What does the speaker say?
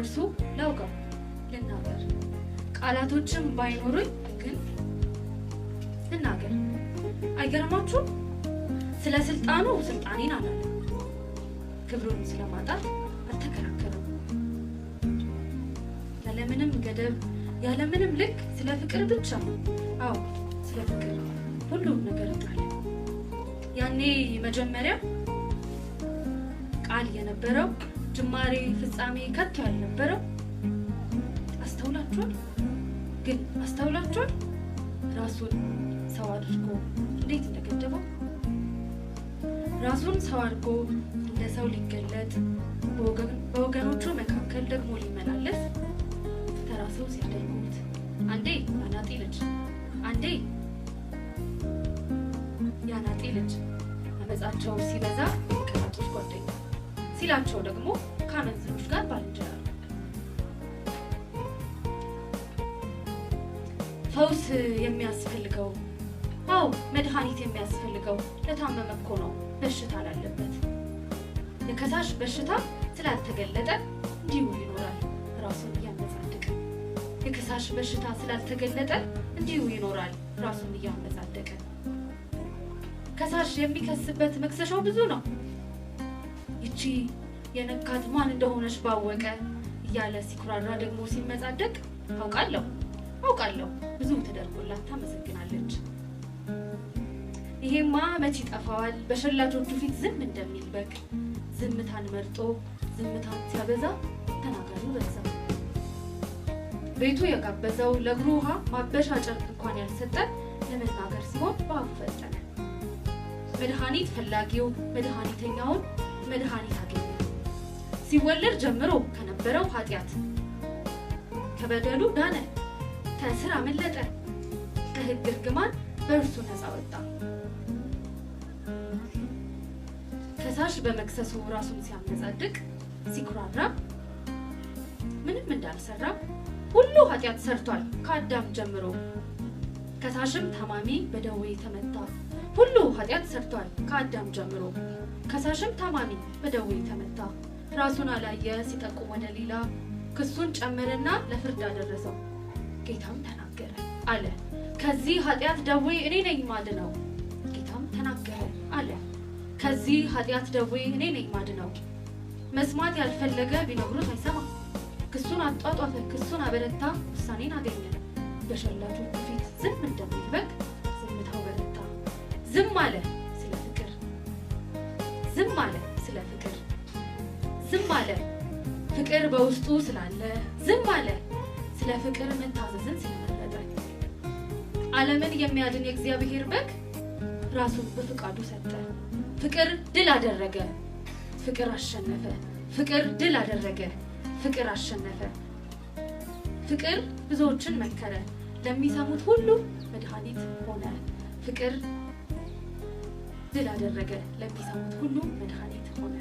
እርሱ ላውቀው ልናገር፣ ቃላቶችን ባይኖሩኝ ግን ልናገር። አይገርማችሁ ስለ ስልጣኑ ስልጣኔን አላለም፣ ክብሩን ስለማጣት አልተከራከረም። ያለምንም ገደብ ያለምንም ልክ ስለ ፍቅር ብቻ አዎ፣ ስለ ፍቅር ሁሉም ነገር ቃል ያኔ መጀመሪያ ቃል የነበረው ጅማሬ ፍጻሜ ከቶ ያልነበረው አስተውላችኋል? ግን አስተውላችኋል? ራሱን ሰው አድርጎ እንዴት እንደገደበው ራሱን ሰው አድርጎ ለሰው ሊገለጥ በወገኖቹ መካከል ደግሞ ሊመላለስ ተራ ሰው ሲያደርጉት አንዴ አናጢ ልጅ፣ አንዴ ያናጢ ልጅ አመፃቸው ሲበዛ ሲላቸው ደግሞ ከአመንዝሮች ጋር ባልንጀራ ፈውስ የሚያስፈልገው አው መድኃኒት የሚያስፈልገው ለታመመ እኮ ነው፣ በሽታ ላለበት። የከሳሽ በሽታ ስላልተገለጠ እንዲሁ ይኖራል ራሱን እያመጻደቀ። የከሳሽ በሽታ ስላልተገለጠ እንዲሁ ይኖራል ራሱን እያመጻደቀ። ከሳሽ የሚከስበት መክሰሻው ብዙ ነው። ይቺ የነካት ማን እንደሆነች ባወቀ እያለ ሲኩራራ ደግሞ ሲመጻደቅ አውቃለሁ አውቃለሁ ብዙ ተደርጎላት ታመሰግናለች። ይሄማ መች ይጠፋዋል በሸላቾቹ ፊት ዝም እንደሚል በግ ዝምታን መርጦ ዝምታን ሲያበዛ ተናጋሪ በዛ። ቤቱ የጋበዘው ለእግሩ ውሃ ማበሻ ጨርቅ እንኳን ያልሰጠን ለመናገር ሲሆን በአፉ ፈጠነ። መድኃኒት ፈላጊው መድኃኒተኛውን መድኃኒት አገኘ። ሲወለድ ጀምሮ ከነበረው ኃጢአት ከበደሉ ዳነ፣ ከስር አመለጠ፣ ከህግ እርግማን በእርሱ ነፃ ወጣ። ከሳሽ በመክሰሱ ራሱን ሲያመጻድቅ ሲኩራራ ምንም እንዳልሰራ ሁሉ ኃጢአት ሰርቷል ከአዳም ጀምሮ። ከሳሽም ታማሚ በደዌ የተመታ ሁሉ ኃጢአት ሰርቷል ከአዳም ጀምሮ ከሳሽም ታማሚ በደዌ ተመታ፣ ራሱን አላየ ሲጠቁም ወደ ሌላ ክሱን ጨምርና ለፍርድ አደረሰው። ጌታም ተናገረ አለ፣ ከዚህ ኃጢአት ደዌ እኔ ነኝ ነው ጌታም ተናገረ አለ፣ ከዚህ ኃጢአት ደዌ እኔ ነኝ ነው መስማት ያልፈለገ ቢነግሩት አይሰማ። ክሱን አጧጧፈ፣ ክሱን አበረታ፣ ውሳኔን አገኘ። በሸላቾቹ ፊት ዝም እንደሚል በግ ዝምታው በረታ፣ ዝም አለ። ዝም አለ ስለ ፍቅር፣ ዝም አለ ፍቅር በውስጡ ስላለ፣ ዝም አለ ስለ ፍቅር መታዘዝን ስለመረጠ። አለምን የሚያድን የእግዚአብሔር በግ ራሱን በፍቃዱ ሰጠ። ፍቅር ድል አደረገ፣ ፍቅር አሸነፈ። ፍቅር ድል አደረገ፣ ፍቅር አሸነፈ። ፍቅር ብዙዎችን መከረ፣ ለሚሰሙት ሁሉ መድኃኒት ሆነ። ፍቅር ድል አደረገ። ለሚሰሙት ሁሉ መድኃኒት ሆነ።